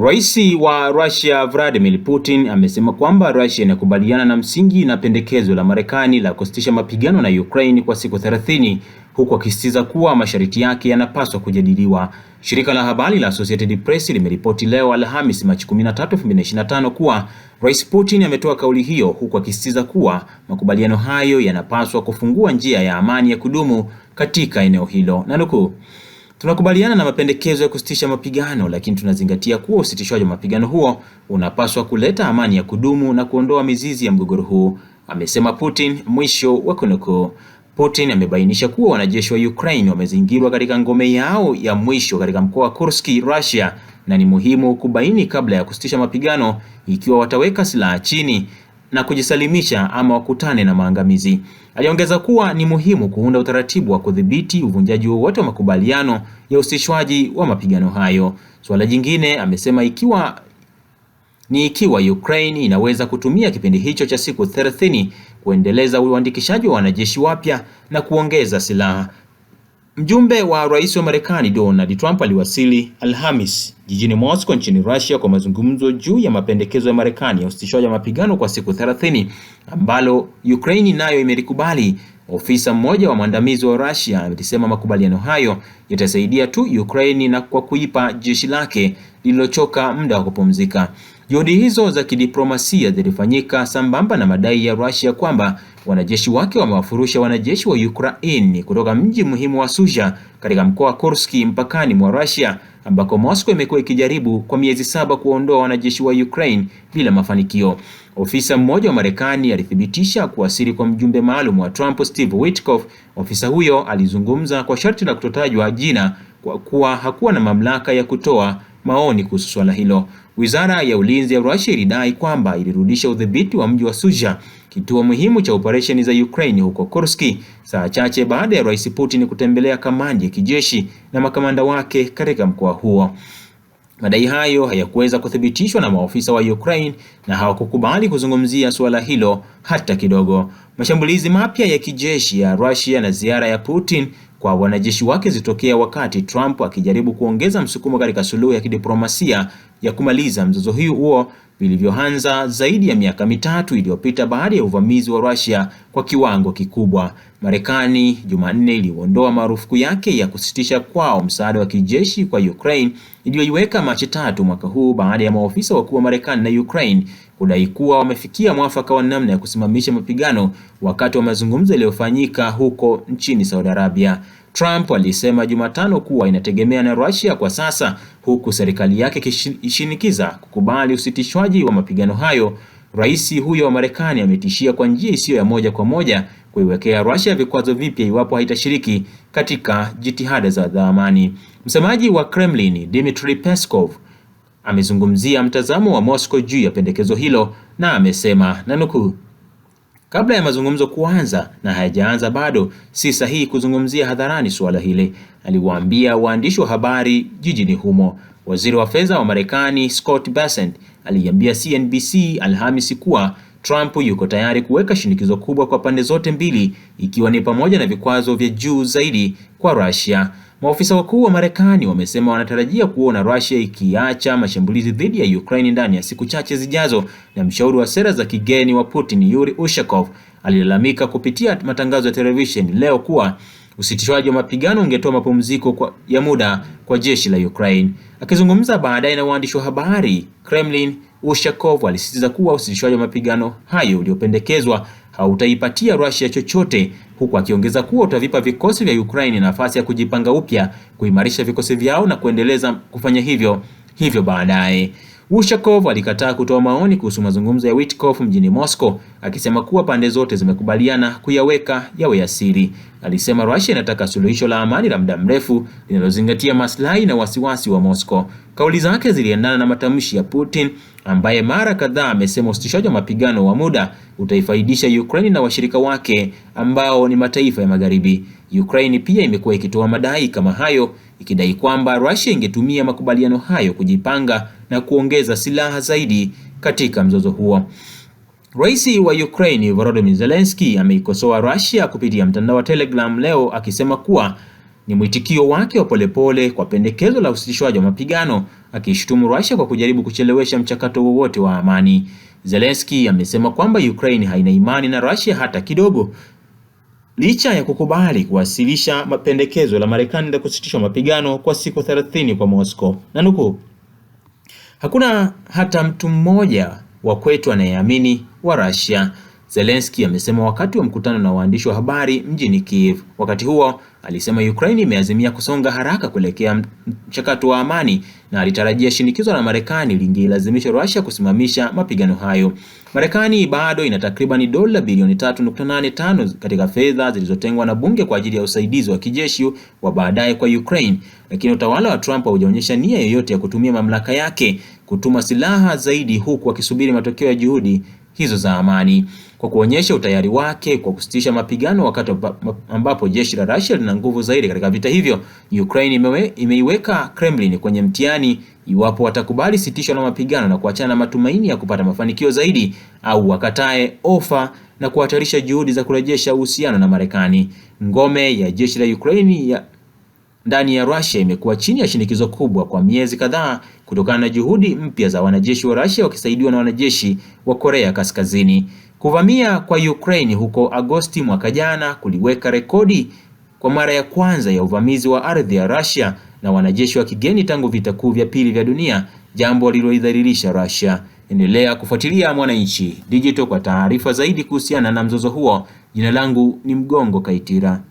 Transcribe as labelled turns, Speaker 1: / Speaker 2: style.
Speaker 1: Rais wa Russia Vladimir Putin amesema kwamba Russia inakubaliana na msingi na pendekezo la Marekani la kusitisha mapigano na Ukraine kwa siku 30 huku akisisitiza kuwa masharti yake yanapaswa kujadiliwa. Shirika la habari la Associated Press limeripoti leo Alhamis, Machi 13, 2025 kuwa Rais Putin ametoa kauli hiyo huku akisisitiza kuwa makubaliano hayo yanapaswa kufungua njia ya amani ya kudumu katika eneo hilo. Nanukuu, Tunakubaliana na mapendekezo ya kusitisha mapigano, lakini tunazingatia kuwa usitishwaji wa mapigano huo unapaswa kuleta amani ya kudumu na kuondoa mizizi ya mgogoro huu, amesema Putin, mwisho wa kunukuu. Putin amebainisha kuwa wanajeshi wa Ukraine wamezingirwa katika ngome yao ya mwisho katika mkoa wa Kursk, Russia, na ni muhimu kubaini kabla ya kusitisha mapigano ikiwa wataweka silaha chini na kujisalimisha ama wakutane na maangamizi. Aliongeza kuwa ni muhimu kuunda utaratibu wa kudhibiti uvunjaji wowote wa makubaliano ya usitishwaji wa mapigano hayo. Suala jingine amesema ikiwa ni ikiwa Ukraine inaweza kutumia kipindi hicho cha siku 30 kuendeleza uandikishaji wa wanajeshi wapya na kuongeza silaha. Mjumbe wa rais wa Marekani Donald Trump aliwasili Alhamis jijini Moscow nchini Russia kwa mazungumzo juu ya mapendekezo ya Marekani ya usitishaji wa mapigano kwa siku 30 ambalo Ukraine nayo imelikubali. Ofisa mmoja wa mwandamizi wa Russia alisema makubaliano hayo yatasaidia tu Ukraine na kwa kuipa jeshi lake lililochoka muda wa kupumzika. Juhudi hizo za kidiplomasia zilifanyika sambamba na madai ya Russia kwamba wanajeshi wake wamewafurusha wanajeshi wa Ukraine kutoka mji muhimu wa suja katika mkoa wa Kursk mpakani mwa Russia, ambako Moscow imekuwa ikijaribu kwa miezi saba kuondoa wanajeshi wa Ukraine bila mafanikio. Ofisa mmoja wa Marekani alithibitisha kuwasili kwa mjumbe maalum wa Trump, Steve Witkoff. Ofisa huyo alizungumza kwa sharti la kutotajwa jina kwa kuwa hakuwa na mamlaka ya kutoa maoni kuhusu swala hilo. Wizara ya Ulinzi ya Russia ilidai kwamba ilirudisha udhibiti wa mji wa Suja, kituo muhimu cha operesheni za Ukraine huko Kursk, saa chache baada ya Rais Putin kutembelea kamandi ya kijeshi na makamanda wake katika mkoa huo. Madai hayo hayakuweza kuthibitishwa na maofisa wa Ukraine na hawakukubali kuzungumzia suala hilo hata kidogo. Mashambulizi mapya ya kijeshi ya Russia na ziara ya Putin kwa wanajeshi wake zitokea wakati Trump akijaribu kuongeza msukumo katika suluhu ya kidiplomasia ya kumaliza mzozo huo vilivyoanza zaidi ya miaka mitatu iliyopita baada ya uvamizi wa Russia kwa kiwango kikubwa. Marekani Jumanne iliondoa marufuku yake ya kusitisha kwao msaada wa kijeshi kwa Ukraine iliyoiweka Machi tatu mwaka huu baada ya maofisa wakuu wa Marekani na Ukraine kudai kuwa wamefikia mwafaka wa namna ya kusimamisha mapigano wakati wa mazungumzo yaliyofanyika huko nchini Saudi Arabia. Trump alisema Jumatano kuwa inategemea na Russia kwa sasa, huku serikali yake ikishinikiza kukubali usitishwaji wa mapigano hayo. Rais huyo wa Marekani ametishia kwa njia isiyo ya moja kwa moja kuiwekea Russia vikwazo vipya iwapo haitashiriki katika jitihada za amani. Msemaji wa Kremlin, Dmitry Peskov, amezungumzia mtazamo wa Moscow juu ya pendekezo hilo na amesema na nukuu Kabla ya mazungumzo kuanza na hayajaanza bado, si sahihi kuzungumzia hadharani suala hili, aliwaambia waandishi wa habari jijini humo. Waziri wa fedha wa Marekani Scott Bessent aliiambia CNBC Alhamisi kuwa Trump yuko tayari kuweka shinikizo kubwa kwa pande zote mbili, ikiwa ni pamoja na vikwazo vya juu zaidi kwa Russia. Maofisa wakuu wa Marekani wamesema wanatarajia kuona Russia ikiacha mashambulizi dhidi ya Ukraine ndani ya siku chache zijazo, na mshauri wa sera za kigeni wa Putin, Yuri Ushakov, alilalamika kupitia matangazo ya televisheni leo kuwa usitishwaji wa mapigano ungetoa mapumziko ya muda kwa jeshi la Ukraine. Akizungumza baadaye na waandishi wa habari, Kremlin Ushakov alisisitiza kuwa usitishwaji wa mapigano hayo uliopendekezwa hautaipatia Russia chochote, huku akiongeza kuwa utavipa vikosi vya Ukraine nafasi ya kujipanga upya, kuimarisha vikosi vyao na kuendeleza kufanya hivyo hivyo baadaye. Ushakov alikataa kutoa maoni kuhusu mazungumzo ya Witkoff mjini Moscow, akisema kuwa pande zote zimekubaliana kuyaweka yawe ya siri. Alisema Russia inataka suluhisho la amani la muda mrefu linalozingatia maslahi na wasiwasi wa Moscow. Kauli zake ziliendana na matamshi ya Putin ambaye mara kadhaa amesema usitishaji wa mapigano wa muda utaifaidisha Ukraine na washirika wake ambao ni mataifa ya Magharibi. Ukraine pia imekuwa ikitoa madai kama hayo, ikidai kwamba Russia ingetumia makubaliano hayo kujipanga na kuongeza silaha zaidi katika mzozo huo. Rais wa Ukraine Volodymyr Zelensky ameikosoa Russia kupitia mtandao wa Telegram leo akisema kuwa ni mwitikio wake wa polepole kwa pendekezo la usitishwaji wa mapigano, akishutumu Russia kwa kujaribu kuchelewesha mchakato wowote wa amani. Zelensky amesema kwamba Ukraine haina imani na Russia hata kidogo Licha ya kukubali kuwasilisha mapendekezo la Marekani la kusitishwa mapigano kwa siku 30 kwa Moscow, na nukuu, hakuna hata mtu mmoja wa kwetu anayeamini wa Russia, Zelensky amesema wakati wa mkutano na waandishi wa habari mjini Kiev. Wakati huo alisema Ukraine imeazimia kusonga haraka kuelekea mchakato wa amani na alitarajia shinikizo la Marekani lingeilazimisha Russia kusimamisha mapigano hayo. Marekani bado ina takribani dola bilioni 3.85 katika fedha zilizotengwa na bunge kwa ajili ya usaidizi wa kijeshi wa baadaye kwa Ukraine, lakini utawala wa Trump haujaonyesha nia yoyote ya kutumia mamlaka yake kutuma silaha zaidi, huku akisubiri matokeo ya juhudi hizo za amani kwa kuonyesha utayari wake kwa kusitisha mapigano wakati ambapo jeshi la Russia lina nguvu zaidi katika vita hivyo. Ukraine imewe, imeiweka Kremlin kwenye mtihani iwapo watakubali sitisho la mapigano na kuachana na matumaini ya kupata mafanikio zaidi au wakatae ofa na kuhatarisha juhudi za kurejesha uhusiano na Marekani. Ngome ya jeshi la Ukraine ya ndani ya Russia imekuwa chini ya shinikizo kubwa kwa miezi kadhaa kutokana na juhudi mpya za wanajeshi wa Russia wakisaidiwa na wanajeshi wa Korea Kaskazini. Kuvamia kwa Ukraine huko Agosti mwaka jana kuliweka rekodi kwa mara ya kwanza ya uvamizi wa ardhi ya Russia na wanajeshi wa kigeni tangu vita kuu vya pili vya dunia, jambo lililoidhalilisha Russia. Endelea kufuatilia Mwananchi Digital kwa taarifa zaidi kuhusiana na mzozo huo. Jina langu ni Mgongo Kaitira.